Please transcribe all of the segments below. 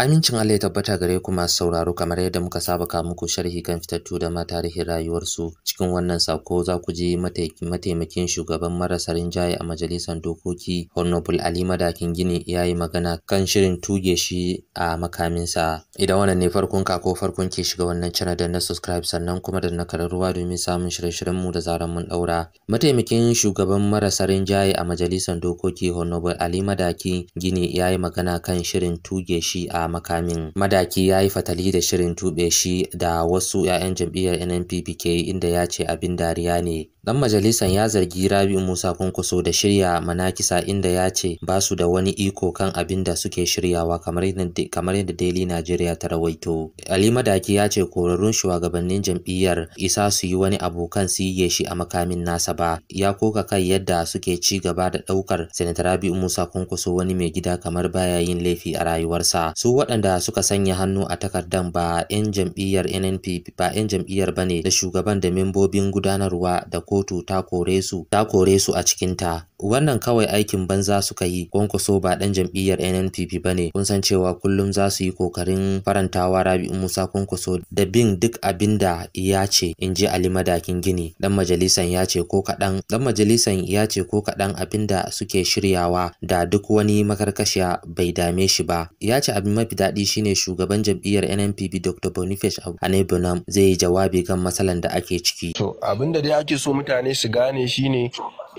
Amincin Allah ya tabbata gare ku masu sauraro kamar yadda muka saba ka muku sharhi kan fitattu da ma tarihin rayuwarsu cikin wannan sako za ku je mataimakin shugaban marasa rinjaye a majalisar dokoki Honorable Ali Madakin Gini ya yi magana kan shirin tuge shi a makaminsa. Idan wannan ne farkon ka ko farkon ke shiga wannan channel da na subscribe sannan kuma da na kararruwa domin samun shirye-shiryen mu da zaran mun daura. Mataimakin shugaban marasa rinjaye a majalisar dokoki Honorable Ali Madakin Gini ya yi magana kan shirin tuge shi a makamin madaki ya yi fatali da shirin tube shi da wasu 'ya'yan jam'iyyar nnpp ke inda ya ce abin dariya ne Dan majalisan ya zargi Rabi'u Musa Kwankwaso da shirya manakisa inda ya ce ba su da wani iko kan abin da suke shiryawa kamar yadda Daily Nigeria ta rawaito. Ali Madaki ya ce korarrun shugabannin jam'iyyar isa su yi wani abu kan yi shi a makamin nasa ba. Ya koka kai yadda suke ci gaba da ɗaukar Senator Rabi'u Musa Kwankwaso wani mai gida kamar baya yin laifi a rayuwarsa. Su waɗanda suka sanya hannu a takardan ba 'yan jam'iyyar NNP ba 'yan jam'iyyar bane da shugaban da membobin gudanarwa da kotu ta kore su ta kore su a cikinta wannan kawai aikin banza suka yi kwankwaso ba dan jam'iyyar nnpp ba ne kun san cewa kullum za su yi kokarin farantawa rabi'u musa kwankwaso da bin duk abin da ya ce in ji ali madakin gini dan majalisan ya ce ko kaɗan dan majalisan ya ce ko kaɗan abin da suke shiryawa da duk wani makarkashiya bai dame shi ba ya ce abin mafi daɗi shine shugaban jam'iyyar nnpp dr boniface anebonam zai yi jawabi kan matsalan da ake ciki to abin da dai ake so mutane su gane shine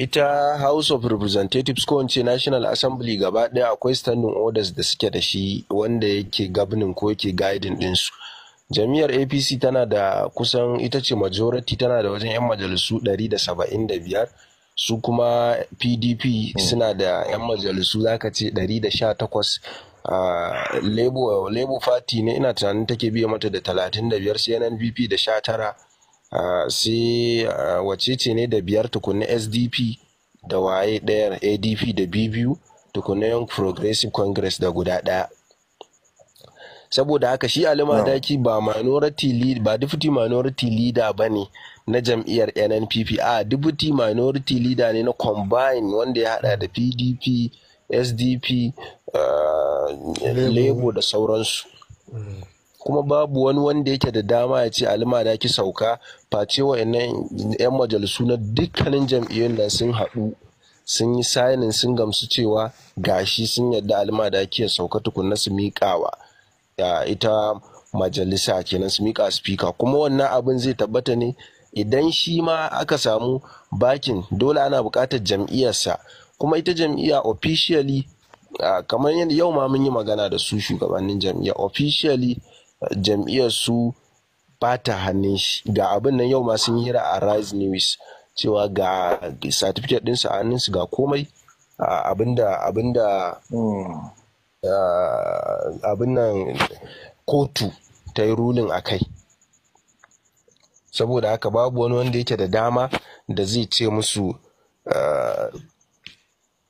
ita house of representatives ko ce national assembly gaba ɗaya akwai standing orders da suke da shi wanda yake gabnin ko yake guiding dinsu jami'ar apc tana da kusan ita ce majority tana da wajen 'yan majalisu 175 su kuma pdp hmm. suna da 'yan majalisu zaka ce 118 Uh, ah, Labour Party ne ina tunanin take biya mata da 35 sai NNPP da tara. sai wacece ne da biyar tukunna sdp da waye ɗaya adp da bbu tukunna young progressive congress da guda ɗaya saboda haka shi alima daki ba minority lead ba deputy minority leader ba ne na jam'iyyar nnpp a deputy minority leader ne na combine wanda ya hada da pdp sdp uh, labour da sauransu mm. kuma babu wani wanda yake da dama ya ce alima da ki sauka face wa'annan 'yan majalisu na dukkanin jam'iyyun nan sun haɗu sun yi sayanin sun gamsu cewa gashi sun yadda alima da ki sauka tukunna su miƙawa ita majalisa kenan su miƙa spika kuma wannan abin zai tabbata ne idan shi ma aka samu bakin dole ana buƙatar jam'iyyarsa kuma ita jam'iyya officially kamar yadda yau ma mun yi magana da su shugabannin jam'iyya officially jam'iyyar su ba ta hannun shi ga abin nan yau ma sun yi hira a Rise News cewa ga certificate ɗinsu a hannunsu ga komai abinda abinda hmm. abin nan kotu ta yi rulin a kai saboda haka babu wani wanda yake da dama da zai ce musu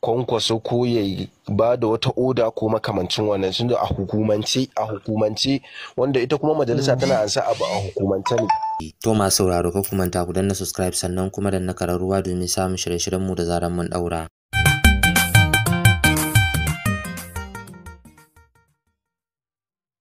kwankwaso ko ya ba da wata oda ko makamancin wannan sun a hukumance a hukumance wanda ita kuma majalisa tana ansa abu a hukumance ne to masu sauraro ka ta ku danna subscribe sannan kuma danna kararruwa domin samun shirye-shiryen mu da zaran mun daura